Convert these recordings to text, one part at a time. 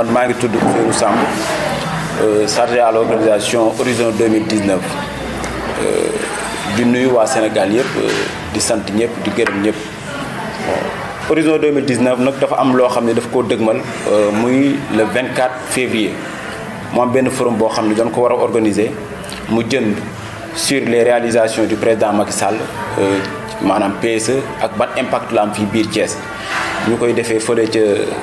man maa ngi tudd Ousseynou Samb euh, chargé à l'organisation Horizon 2019 euh, di nuyu waa Sénégal yëpp euh, di sant ñëpp di gërëm Horizon 2019 nag dafa am loo xam ne daf koo muy le 24 février mu am benn forum boo xam dañ ko war mu jënd sur les réalisations du président Macky Sall maanaam PSE ak ban impact la am fii biir Thiès ñu koy defee fële ca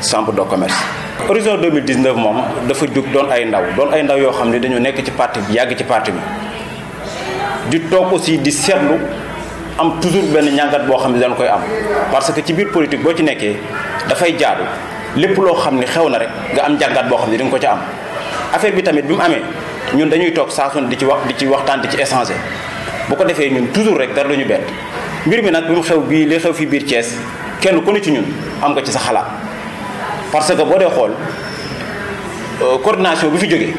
centre de commerce horizon 2019 moom dafa jóg doon ay ndaw doon ay ndaw yoo xam ne dañoo nekk ci parti bi yàgg ci parti bi di toog aussi di seetlu am toujours benn ñàngat boo xam ne dañ koy am parce que ci biir politique boo ci nekkee dafay jaadu lépp loo xam ne xew na rek nga am jàngat boo xam ne di ko ca am affaire bi tamit bi mu amee ñun dañuy toog saa di ci wax di ci waxtaan di ci échanger bu ko defee ñun toujours rek dara lu ñu bett mbir mi nag bi mu xew bii li xew fi biir cees kenn ku ne ci ñun am nga ci sa xalaat parce que boo dee xool euh, coordination bi fi jógee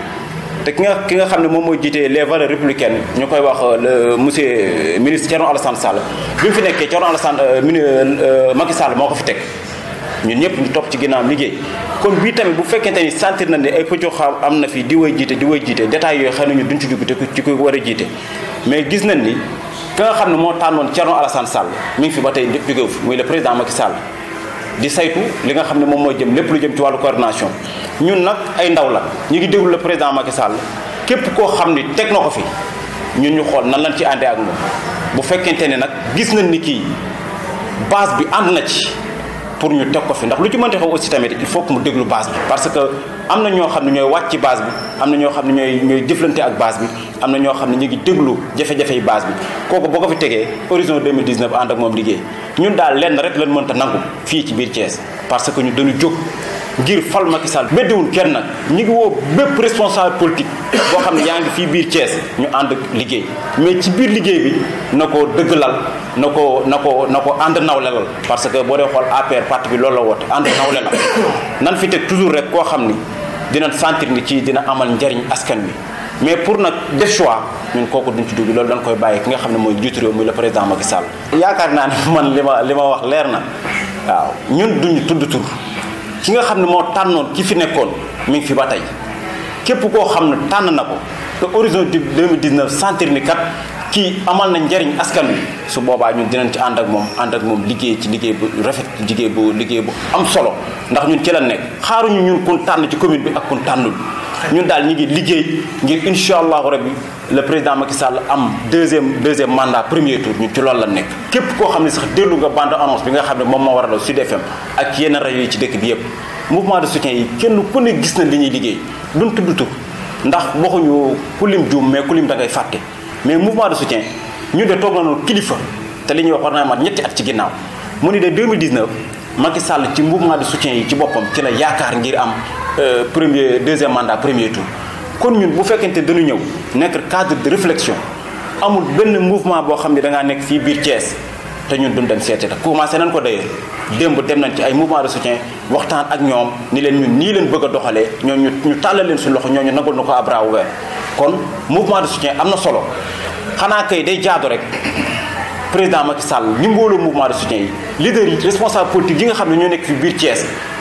te ki nga ki nga xam ne moom mooy jiitee les valeurs républicaines ñu koy wax euh, le monsieur euh, ministre Thierno Alassane Sall bi mu fi nekkee Thierno Alassane Macky Sall moo ko fi teg ñun ñëpp ñu topp ci ginnaawam liggéey kon bii tamit bu fekkente ni sentir na ne ay pëccoo xam am di way jiite di jiite détails yooyu xëy na duñ ci dugg te ci ko gis nañ ni ki nga xam ne moo tànnoon Thierno Alassane Sall mi ngi fi ba tey jógewu fi muy le président Macky Sall di saytu li nga xam ne moom moo jëm lépp lu jëm ci wàllu coordination ñun nag ay ndaw la ñu ngi déglu le président Macky Sall képp koo xam ni teg na ko fi ñun ñu xool nan lañ ci àndee ak moom bu fekkente ne nag gis nañ nit kii base bi ànd na ci pour ñu teg ko fi ndax lu ci mënti xew aussi tamit il faut que mu déglu base bi parce que am na ñoo xam ne ñooy wàcc ci base bi am na ñoo xam ne ñooy ñooy jëflante ak baas bi am na ñoo xam ne ñu ngi déglu jafe-jafe yi base bi kooku boo ko fi tegee horizon 2019 ànd ak moom liggéey ñun daal lenn rek lañ mënta nangu fii ci biir cees parce que ñu dañu jóg ngir fal Macky Sall kenn nag ñu ngi woo bépp responsable politique koo xam ne yaa ngi fii biir Thiès ñu ànd liggéey mais ci biir liggéey bi na ko lal na ko na ko na ko ànd nawlelal parce que boo dee xool APR parti bi loolu la woote ànd nawle la nan fi teg toujours rek koo xam ni dina sentir ni ci dina amal njariñ askan bi mais pour nag def choix ñun kooku duñ ci dugg loolu danga koy bàyyi ki nga xam ne mooy njiitu réew muy le président Macky Sall. yaakaar naa ne man li ma li ma wax leer na waaw ñun duñu tudd tur ki nga xam ne moo tànnoon ki fi nekkoon mu ngi fi ba tey képp koo xam ne tànn na ko te horizon 2019 sentir ni kat. kii amal na njariñ askan wi su boobaa ñun dinañ ci ànd ak moom ànd ak moom liggéey ci liggéey bu rafet ci liggéey bu liggéey bu am solo ndax ñun ci la xaaruñu ñun kun tànn ci commune bi ak kun tànnul ñun daal ñu ngi liggéey ngir incha allahu bi le président Macky Sall am deuxième deuxième mandat premier tour ñun ci lool la nekk. képp koo xam ne sax déllu nga band annonce bi nga xam ne moom moo waraloon Sud FM ak yenn rajo yi ci dëkk bi yëpp mouvement de soutien yi kenn ku ne gis na li ñuy liggéey duñ tudd tur ndax waxuñu ku lim juum mais ku lim da ngay fàtte mais mouvement de soutien ñu de toog nañu kilifa te li ñuy wax war naa mat ñetti at ci ginnaaw mu ni de 2019 Macky Sall ci mouvement de soutien yi ci boppam ci la yaakaar ngir am. Euh, premier deuxième mandat premier tour kon ñun bu fekkente dañu cadre de réflexion amul ben mouvement bo xamni da nga te ñun duñ nañ ko nañ ci mouvement de soutien waxtaan ak ni leen ñun ni leen bëgg ñu ñu nous leen suñu loxo ñu nous nako à mouvement de soutien amna solo xana kay day jaadu président Macky Sall mouvement de soutien yi leader responsable politique yi nga xamni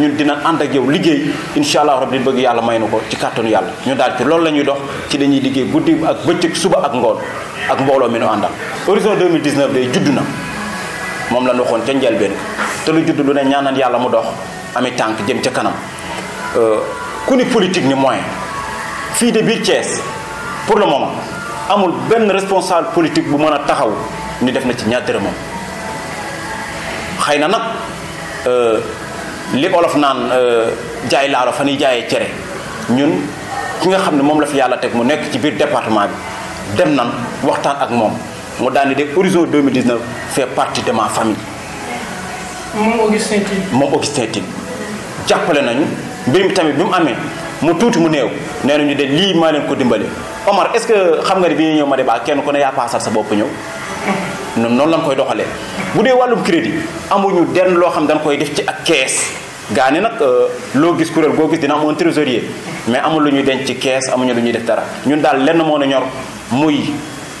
ñun dina ànd ak yow liggéey incha allah rabbi bëgg yàlla may na ko ci kàttanu yàlla ñu daal ci lool lañuy dox ci dañuy liggéey guddi ak bëccëg suba ak ngoon ak mbooloo mi nu àndal horizon 2019 day judd na moom la ñu waxoon ca njëlbeen te lu judd lu ne ñaanal yàlla mu dox ami tànk jëm ca kanam euh, ku ni politique ni moyen fii de biir Thiès pour le moment amul benn responsable politique bu mën a taxaw ni def na ci ñaar dërëmam xëy na nag euh, li olof naan euh, jaay laalo fa ñuy jaayee cere ñun ki nga xam ne moom la fi yàlla teg mu nekk ci biir département bi dem nan waxtaan ak moom mu daal di dégg horizon 2019 fait partie de ma famille. moom Augustin Tine. moom Augustin Tine jàppale nañu mbir mi tamit bi mu amee mu tuuti mu néew nee nañu de lii maa leen ko dimbale Omar est-ce que xam nga ne bi ñëw ma de baa kenn ku ne yaa paasal sa bopp ñëw. noonu la koy doxalee. bu dee wàllum crédit amuñu denn loo xam dañ koy def ci ak kees gaa ne nag euh, loo gis kuréel goo gis dina am un trésorier mais amul lu ñuy denc ci kees amuñu lu ñuy def dara ñun daal lenn moo na ñor muy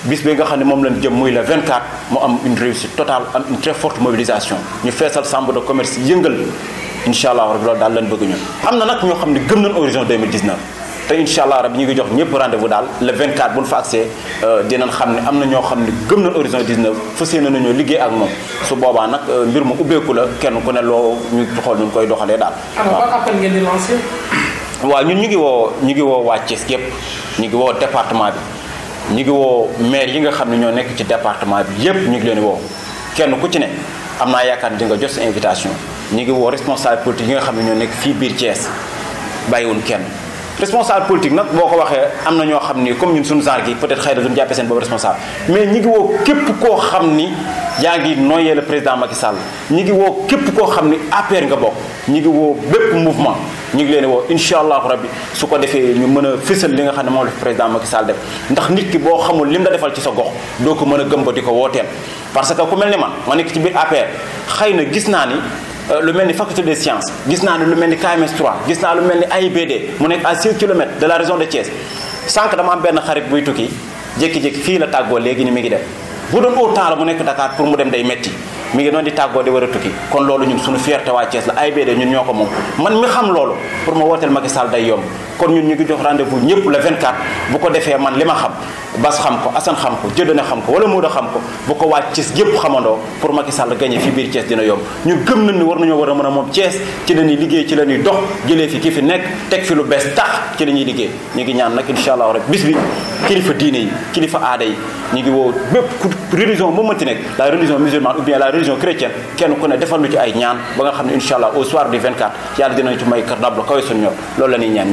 bis bi nga xam ne moom lañ jëm muy le 24 mu am une réussite totale am une très forte mobilisation ñu feesal chambre de commerce yëngal incha allah rabi loolu daal lañ bëgg ñun am na nag ñoo xam ne gëm nañ horizon 2019 rendez-vous le 24 nous fa euh, dinañ ne ño horizon 19 nous liggéey ak nous su boba nak euh, mbir mu la kenn ku ne lo ñu ñu koy dal waaw appel ngeen di lancer waaw ñun ñu ngi wo ñu ngi ñu ngi département bi ñu ngi maire yi nga département bi ñu ngi leen kenn ku ci ne di nga invitation ñu ngi responsable politique yi nga xamné responsable politique nak boko waxe amna am na ñoo xam comme ñun sun genre gi peut-être xëy na duñu jàppee seen boobu responsable mais ñi ngi woo képp ko xamni ni yaa le président Macky Sall ñi ngi woo képp ko xamni APR nga bok ñi ngi woo bépp mouvement ñu ngi leen woo incha rabbi su ko défé ñu mëna fessel li nga xamni mo le président Macky Sall def ndax nit ki bo xamul lim da defal ci sa gox do ko mëna a gëm ba di ko parce que ku melni man ma nekk ci biir APR xeyna na gis naa ni Euh, lu mel ni faculté des sciences gis naa ne lu mel ni KMS 3 gis naa lu mel ni AIBD mu nekk à 6 kilomètres de la région de Thiès sànq dama am benn xarit buy tukki jékki-jékki fii la tàggoo léegi ni mi ngi dem bu doon au mu nekk Dakar pour mu dem day metti mi ngi doon di tàggoo di war a tukki kon loolu ñun suñu fierté waa Thiès la AIBD ñun ñoo ko moom man mi xam loolu pour ma wooteel Macky Sall day yomb kon ñun ñu ngi jox rendez-vous ñëpp le 24 bu ko defee man li ma xam Bas xam ko Assane xam ko Jëdane xam ko wala Mooda xam ko bu ko waa Thiès yëpp xamandoo pour Macky Sall gagné fi biir Thiès dina yomb ñun gëm nañ ni war nañoo war a mën a moom Thiès ci la ñuy liggéey ci la ñuy dox jële fi kii fi nekk teg fi lu bees tax ci la ñuy liggéey ñu ngi ñaan nag incha allah rek bis bi kilifa diine yi kilifa aada yi ñu ngi woo bépp religion bu religion musulmane ou kenn ku ne defal lu ci ay ñaan ba nga xam ne incha allah au soir la ñuy ñaan